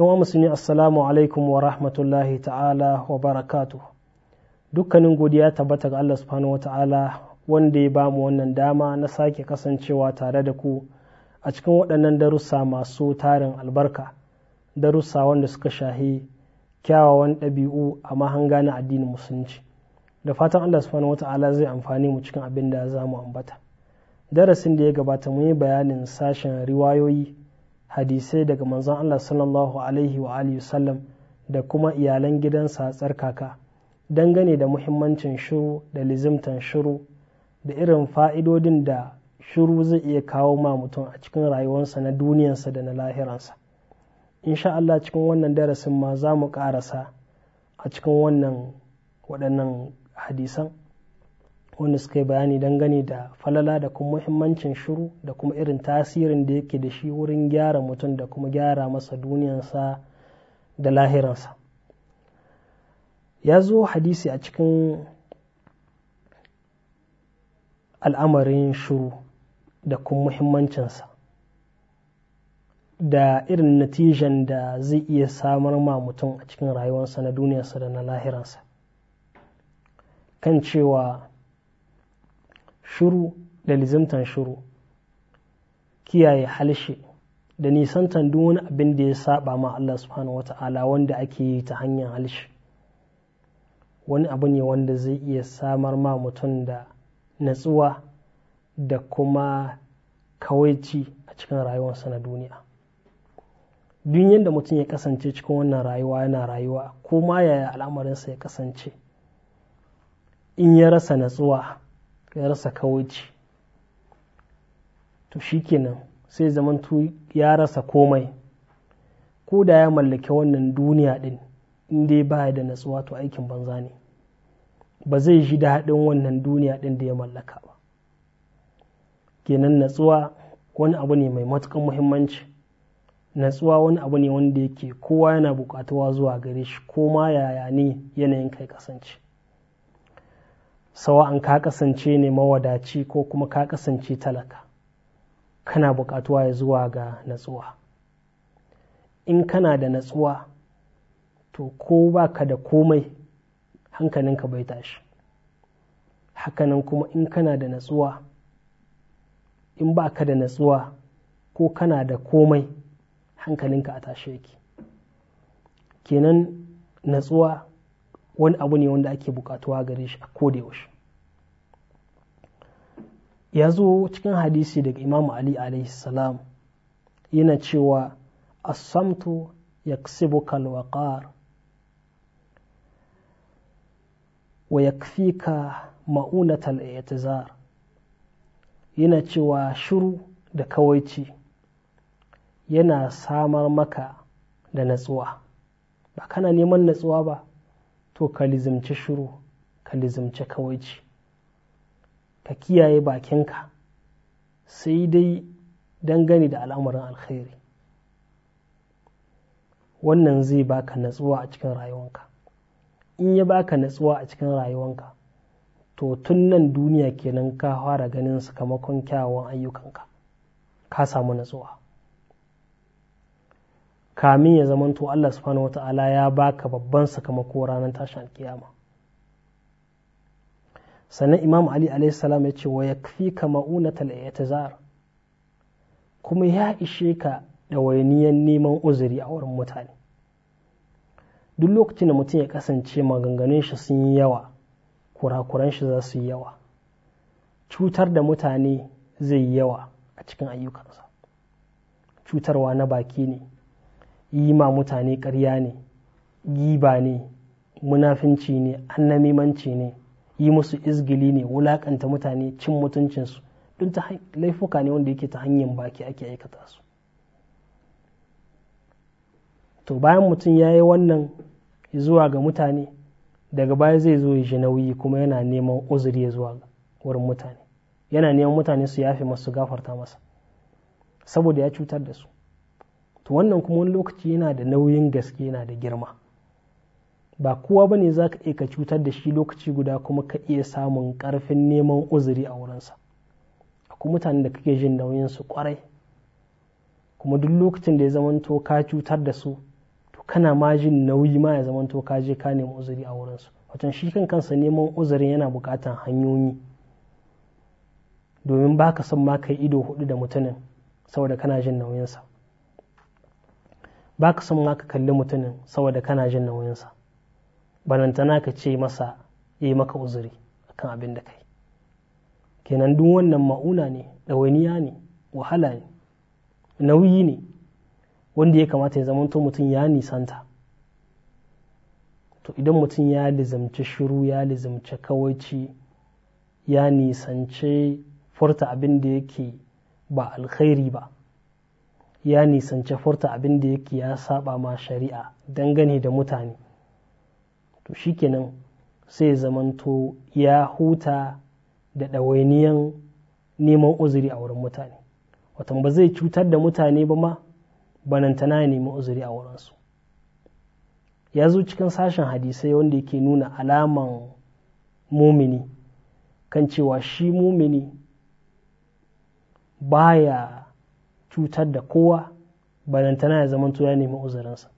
yawan musulmi assalamu alaikum wa rahmatullahi ta'ala wa barakatu dukkanin godiya tabbata ga Allah subhanahu ta'ala wanda ya ba mu wannan dama na sake kasancewa tare da ku a cikin waɗannan darussa masu tarin albarka darussa wanda suka shahi kyawawan ɗabi'u a mahanga na addinin musulunci da fatan Allah subhanahu ta'ala zai amfani mu cikin abin da za mu ambata darasin da ya gabata mu yi bayanin sashen riwayoyi hadisai daga manzon Allah sallallahu alaihi wa alihi sallam da kuma iyalan gidansa tsarkaka dangane da muhimmancin shiru da lizimtan shiru da irin fa'idodin da shiru zai iya kawo ma mutum a cikin rayuwarsa na duniyarsa da na lahiransa insha Allah cikin wannan darasin ma za mu ƙarasa a cikin wannan waɗannan hadisan wanda suka yi bayani dangane da falala da kuma muhimmancin shiru da kuma irin tasirin da yake da shi wurin gyara mutum da kuma gyara masa duniyansa da lahiransa ya zo hadisi a cikin al'amarin shiru da kuma muhimmancinsa da irin natijan da zai iya samar ma mutum a cikin rayuwarsa na duniyarsa da na lahiransa kan cewa shuru da lizimtan shuru kiyaye halshe da nisantan duk wani abin da ya saba ma Allah subhanahu ta'ala) wanda ake yi ta hanyar halshe wani abu ne wanda zai iya samar ma mutum da natsuwa da kuma kawaici a cikin rayuwarsa na duniya duk yadda mutum ya kasance cikin wannan rayuwa yana rayuwa ko ma yaya al'amarinsa ya kasance in ya rasa natsuwa ya rasa kawaici to shi shikenan sai zamantu ya rasa komai ko da ya mallake wannan duniya din inda ya baya da natsuwa to aikin banza ne ba zai ji haɗin wannan duniya din da ya mallaka ba kenan natsuwa wani abu ne mai matukan muhimmanci natsuwa wani abu ne wanda yake kowa yana buƙatuwa zuwa gare shi ko ma yaya ne yanayin kai kasance sawa'an ka kasance ne mawadaci ko kuma ka kasance talaka kana bukatuwa ya zuwa ga natsuwa in kana da natsuwa to ko baka da komai hankalinka bai tashi hakanan kuma in kana da natsuwa in baka da natsuwa ko kana da komai hankalinka a tashe yake kenan natsuwa wani abu ne wanda ake bukatuwa gare shi a yaushe. ya zo cikin hadisi daga imam ali salam yana cewa asamtu ya kalwakar wa ya ka ma'unatal i'tizar yana cewa shiru da kawaici yana samar maka da natsuwa ba kana neman natsuwa ba to ka lizimci shiru ka lizimci kawaici ka kiyaye bakinka sai dai dangane da al'amarin alkhairi wannan zai baka natsuwa a cikin rayuwanka in ya baka natsuwa a cikin rayuwanka to tun nan duniya kenan ka fara ganin sakamakon kyawawan ayyukanka ka samu natsuwa kamin ya zamanto Allah subhanahu wata'ala ya baka babban sakamako ranar tashin alkiyama sannan imam ali salam ya ce wa ya fi ka ma'unatal zara? kuma ya ishe ka ɗawainiyar neman uzuri a wurin mutane duk lokacin da mutum ya kasance maganganun shi sun yi yawa kurakuran shi za su yi yawa cutar da mutane zai yi yawa a cikin ayyukansa cutarwa na baki ne yi ma mutane karya ne giba ne munafinci ne annamimanci ne yi musu izgili ne wulakanta mutane cin mutuncinsu don ta laifuka ne wanda yake ta hanyar baki ake aikata su to bayan mutum ya yi wannan zuwa ga mutane daga baya zai zo ya nauyi kuma yana neman uzuri ya zuwa wurin mutane yana neman mutane su yafe masu gafarta masa saboda ya cutar da su to wannan kuma wani lokaci yana da nauyin gaske yana da girma ba kowa bane za ka iya ka cutar da shi lokaci guda kuma ka iya samun karfin neman uzuri a wurinsa akwai mutane da kake jin nauyin su kwarai kuma duk lokacin da ya zamanto ka cutar da su to kana ma jin nauyi ma ya zamanto ka je ka nemi uzuri a wurinsu wacan shi kan kansa neman uzurin yana bukatan hanyoyi domin ba ka son ma ka ido hudu da mutumin saboda kana jin nauyinsa ba ka son ma ka kalli mutumin saboda kana jin nauyinsa balantana ka ce masa ya yi maka uzuri kan abin da kai kenan duk wannan ma'una ne ɗawainiya ne wahala ne nauyi ne wanda ya kamata ya zamanto mutum ya nisanta to idan mutum ya lizamci shiru ya lizamci kawaici ya nisance furta abin da yake ba alkhairi ba ya nisance furta abin da yake ya saba ma shari'a dangane da mutane to shikenan sai zamanto ya huta da ɗawainiyan neman uzuri a wurin mutane watan ba zai cutar da mutane ba ma banantana ya nemi uzuri a wurinsu ya zo cikin sashen hadisai wanda yake nuna alaman mumini kan cewa shi mumini baya cutar da kowa banantana ya zamanto ya nemi uzurinsa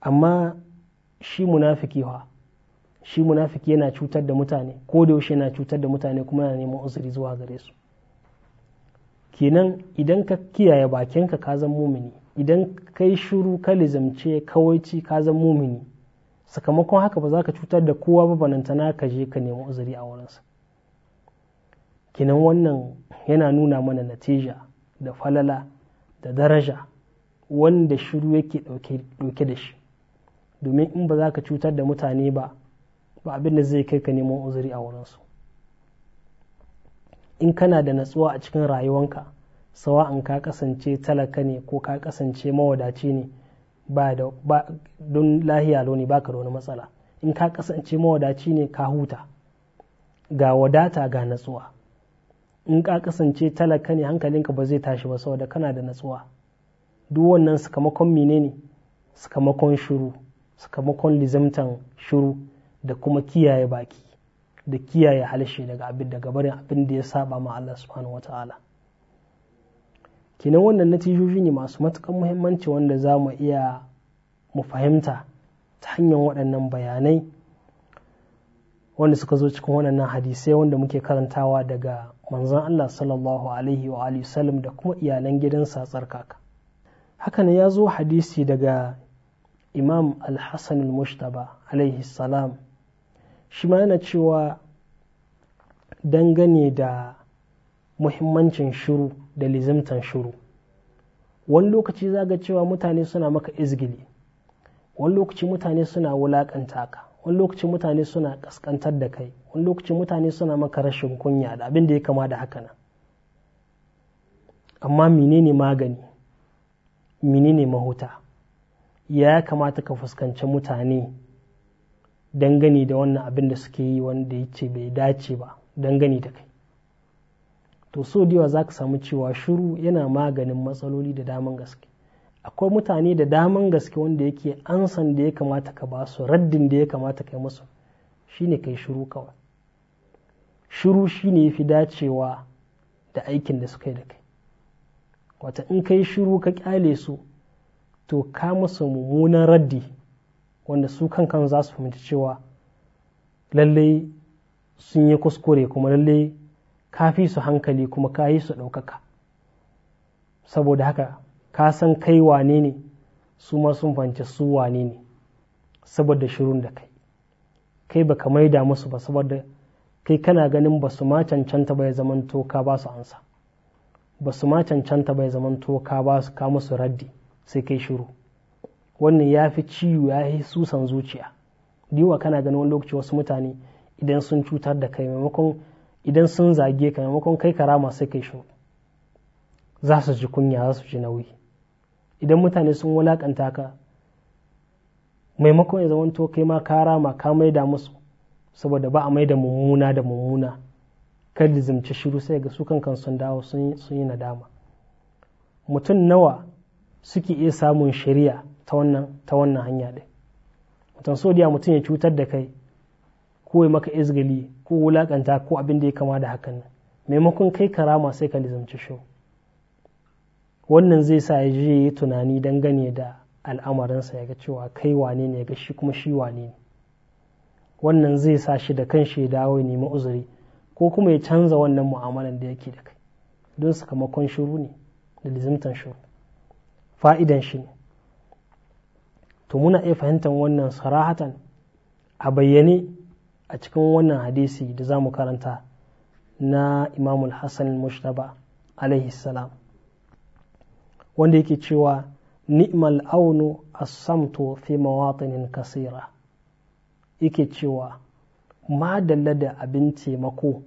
amma shi munafiki ha shi munafiki yana cutar da mutane ko da yaushe yana cutar da mutane kuma yana neman uzuri zuwa gare su kenan idan ka kiyaye bakinka ka zan mumini idan kai shiru ka lizamce kawaici ka zan mumini sakamakon haka ba za ka cutar da kowa ba banantana ka je ka nemi uzuri a wurinsa Kenan wannan yana nuna mana natija da falala da daraja wanda shiru yake ɗauke da shi domin in ba za ka cutar da mutane ba ba abin da zai kai ka neman uzuri a wurinsu in kana da natsuwa a cikin rayuwanka Sawa an ka kasance talaka ne ko ka kasance mawadaci ne ba don lahiya ne baka da wani matsala in ka kasance mawadaci ne ka huta ga wadata ga natsuwa in ka kasance talaka ne hankalinka ba zai tashi ba saboda kana da natsuwa duk wannan sakamakon menene sakamakon shiru sakamakon lizamtan shuru da kuma kiyaye baki da kiyaye halshe daga abin daga barin abin da ya saba ma Allah subhanahu wata'ala kinan wannan natijoji ne masu matukan muhimmanci wanda za mu iya mu fahimta ta hanyar waɗannan bayanai wanda suka zo cikin waɗannan hadisai wanda muke karantawa daga manzon Allah sallallahu alaihi wa alihi da kuma iyalan gidansa tsarkaka hakan ya zo hadisi daga imam al-hassan al-mushtaba alaihi salam shi ma yana cewa dangane da muhimmancin shuru da lizimtan shuru wani lokaci zaga cewa mutane suna maka izgili wani lokaci mutane suna wulakanta ka wani lokaci mutane suna kaskantar da kai wani lokaci mutane suna maka rashin kunya da abin da ya kama da haka nan amma menene magani menene mahuta ya kamata ka fuskanci mutane dangane da wannan abin da suke yi wanda ya ce bai dace ba dangane da kai to so diwa za ka samu cewa shuru yana maganin matsaloli da daman gaske akwai mutane da daman gaske wanda yake ansan da ya kamata ka ba su raddin da ya kamata kai musu shine kai shiru kawai shiru shine fi dacewa da aikin da suka yi da kai wata in kai shiru ka kyale su to ka musu mummunan raddi wanda su kankan za su fahimci cewa lallai sun yi kuskure kuma lallai ka fi su hankali kuma ka yi su ɗaukaka saboda haka ka san kai wane ne su ma sun fahimci su wane ne saboda shirun da kai kai ba baka maida musu ba saboda kai kana ganin ba su ma cancanta bai zaman to ka ba su ansa ba su ma cancanta bai zaman to ka ba su ka musu raddi sai kai shiru wannan ya fi ciwo ya fi susan zuciya diwa kana ganin wani lokaci wasu mutane idan sun cutar da kai maimakon idan sun zage ka maimakon kai karama sai kai shiru za su ji kunya za su ji nauyi idan mutane sun wulakanta ka maimakon ya zamanto kai ma ka rama ka maida musu saboda ba a maida mummuna da mummuna kar lizimci shiru sai ga su kankan sun dawo sun yi nadama mutum nawa suke iya samun shari'a ta wannan hanya ɗin mutum so da mutum ya cutar da kai ko maka izgali ko wulakanta ko abin da ya kama da hakan maimakon kai karama sai ka nizamci shi wannan zai sa ya je yi tunani gane da al'amarinsa ya ga cewa kai wane ne ya ga shi kuma shi wane ne wannan zai sa shi da kan shi ya dawo ya nemi uzuri ko kuma ya canza wannan mu'amalan da yake da kai don sakamakon shiru ne da lizimtan shiru fa'idan shi ne to muna iya fahimtar wannan sarahatan a bayyane a cikin wannan hadisi da za mu karanta na imamul hassan mushtaba alaihi salam wanda yake cewa ni'mal aunu as-samtu fi mawatinin kasira yake cewa ma da abin taimako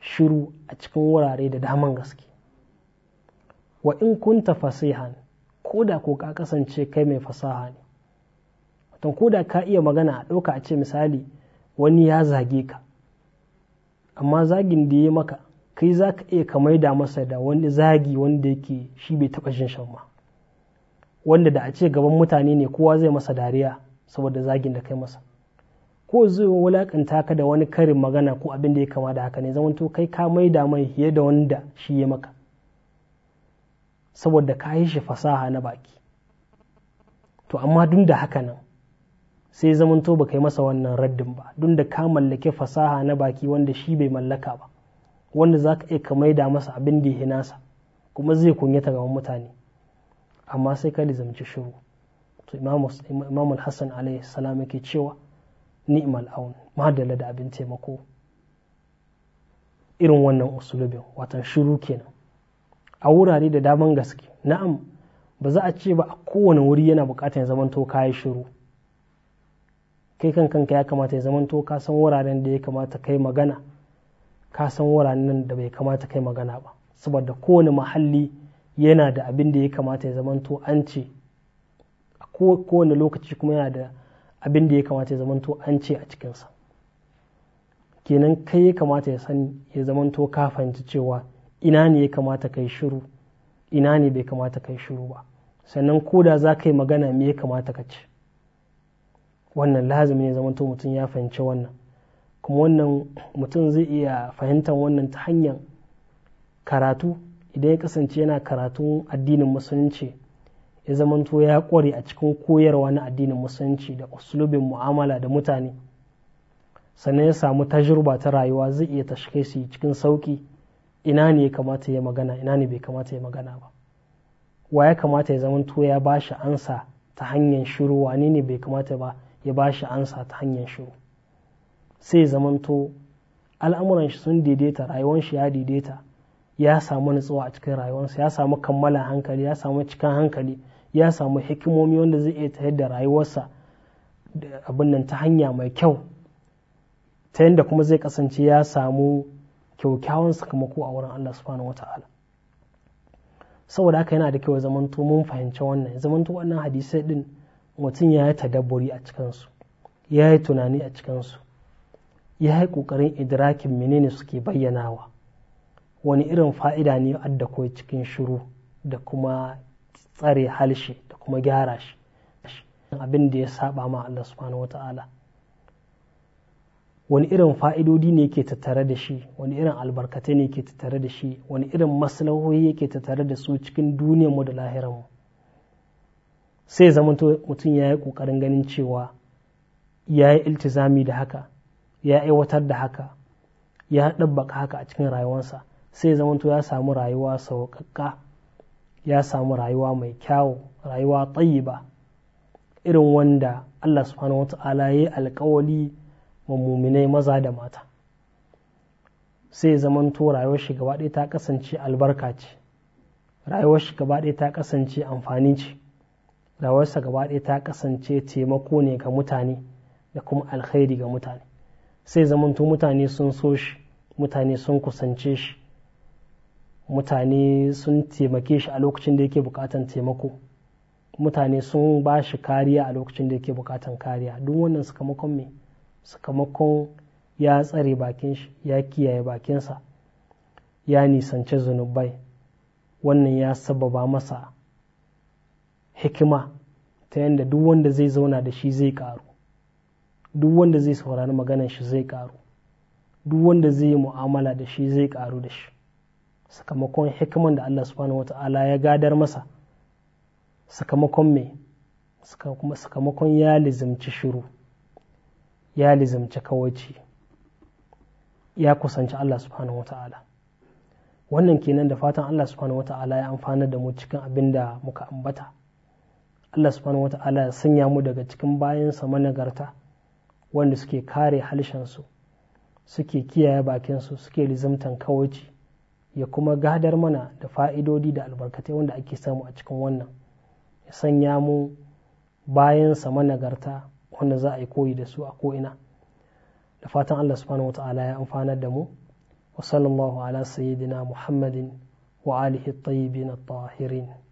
shiru a cikin wurare da daman gaske wa in kunta fasihan ko da ko ka kasance kai mai fasaha ne wato ko da ka iya magana a ɗauka a ce misali wani ya zage ka amma zagin da ya maka kai za ka iya ka maida masa da wani zagi wanda yake shi bai taɓa jin shan ma wanda da a ce gaban mutane ne kowa zai masa dariya saboda zagin da kai masa ko zai wulakanta ka da wani karin magana ko abin da ya kama da haka ne zamanto kai ka maida mai fiye da wanda shi ya maka saboda ka yi shi fasaha na baki to amma duk da haka nan sai zamanto ba kai masa wannan raddin ba duk da ka mallake fasaha na baki wanda shi bai mallaka ba wanda za ka iya ka maida masa abin da ya nasa kuma zai kunyata gaban mutane amma sai ka lizamci shiru to imam hassan alaihi salam yake cewa ni'mal aun madala da abin taimako irin wannan usulubin watan shiru kenan a wurare da daman gaske na'am ba za a ce ba a kowane wuri yana bukatar ya zamanto yi shiru kai kan kanka ya kamata ya zamanto ka san wuraren da ya kamata kai magana ka san wuraren da bai kamata kai magana ba saboda kowane mahalli yana da abin da ya kamata ya zamanto an ce a kowane lokaci kuma yana da abin da ya kamata ya zamanto an ce a cikinsa kenan kai ya kamata ya zamanto ka fahimci cewa ina ne ya kamata kai shiru ina ne bai kamata kai shiru ba sannan ko da za ka yi magana me ya kamata ka ci. wannan lazumi ne to mutum ya fahimci wannan kuma wannan mutum zai iya fahimtar wannan ta hanyar karatu idan ya kasance yana karatun addinin musulunci ya zamanto ya kware a cikin koyarwa na addinin musulunci da usulubin mu'amala da mutane sannan ya samu tajirba ta rayuwa zai iya tashkai su cikin sauki ina ne ya kamata ya magana ina ne bai kamata ya magana ba wa ya kamata ya zama to ya bashi ansa ta hanyar shiru wane ne bai kamata ba ya bashi ansa ta hanyar shiru sai ya zama to al'amuran shi sun daidaita rayuwar shi ya daidaita ya samu nutsuwa a cikin rayuwarsa ya samu kammala hankali ya samu cikin hankali ya samu hikimomi wanda zai iya tayar da rayuwarsa abin nan ta hanya mai kyau ta yadda kuma zai kasance ya samu kyaukyawan sakamako a wurin Allah subhanahu wata'ala saboda haka yana da kyau zamanto mun fahimci wannan zamanto wannan hadisai din mutum ya yi tadabburi a cikinsu ya yi tunani a cikinsu ya yi ƙoƙarin idrakin menene suke bayyanawa wani irin fa'ida ne adda koi cikin shiru da kuma tsare halshe da kuma gyara shi abin da ya saba ma Allah subhanahu wata'ala wani irin fa'idodi ne ke tattare da shi wani irin albarkatai ne ke tattare da shi wani irin maslahohi yake tattare da su cikin mu da lahiranmu sai zama mutum ya yi ƙoƙarin ganin cewa ya yi iltizami da haka ya aiwatar da haka ya ɗabbaka haka a cikin rayuwarsa sai zamanto ya samu rayuwa sauƙaƙƙa ya samu rayuwa mai kyawu rayuwa tsayi irin wanda allah subhanahu wa ta'ala ya yi alƙawali wa muminai maza da mata sai zaman to rayuwar shi gaba ɗaya ta kasance albarka ce rayuwar shi gaba ɗaya ta kasance amfani ce rayuwarsa gaba ɗaya ta kasance taimako ne ga mutane da kuma alkhairi ga mutane sai zaman to mutane sun so shi mutane sun kusance shi mutane sun taimake shi a lokacin da yake bukatan taimako mutane sun ba shi kariya a lokacin da yake bukatan kariya duk wannan sakamakon me sakamakon ya tsare bakin shi ya kiyaye bakinsa ya nisance zunubai wannan ya sababa masa hikima ta yadda duk wanda zai zauna da shi zai karu duk wanda zai saurari maganar shi zai karu duk wanda zai yi mu'amala da shi zai karu da shi sakamakon hikiman da Allah subhanahu wata'ala ya gadar masa sakamakon me sakamakon ya lizimci shiru ya lizimci kawaici ya kusanci Allah subhanahu wata'ala wannan kenan da fatan Allah subhanahu wata'ala ya amfana da mu cikin abin da muka ambata Allah subhanahu wata'ala ya sanya mu daga cikin bayansa managarta wanda suke kare halshensu suke kiyaye bakinsu suke lizamtan kawaici ya kuma gadar mana da fa'idodi da albarkatai wanda ake samu a cikin wannan ya sanya mu bayan sa managarta wanda za a yi koyi da su a ko'ina da fatan Allah subhanahu wata'ala ya amfanar da mu wa sallallahu ala sayyidina muhammadin wa alihi at-tayyibin at-tahirin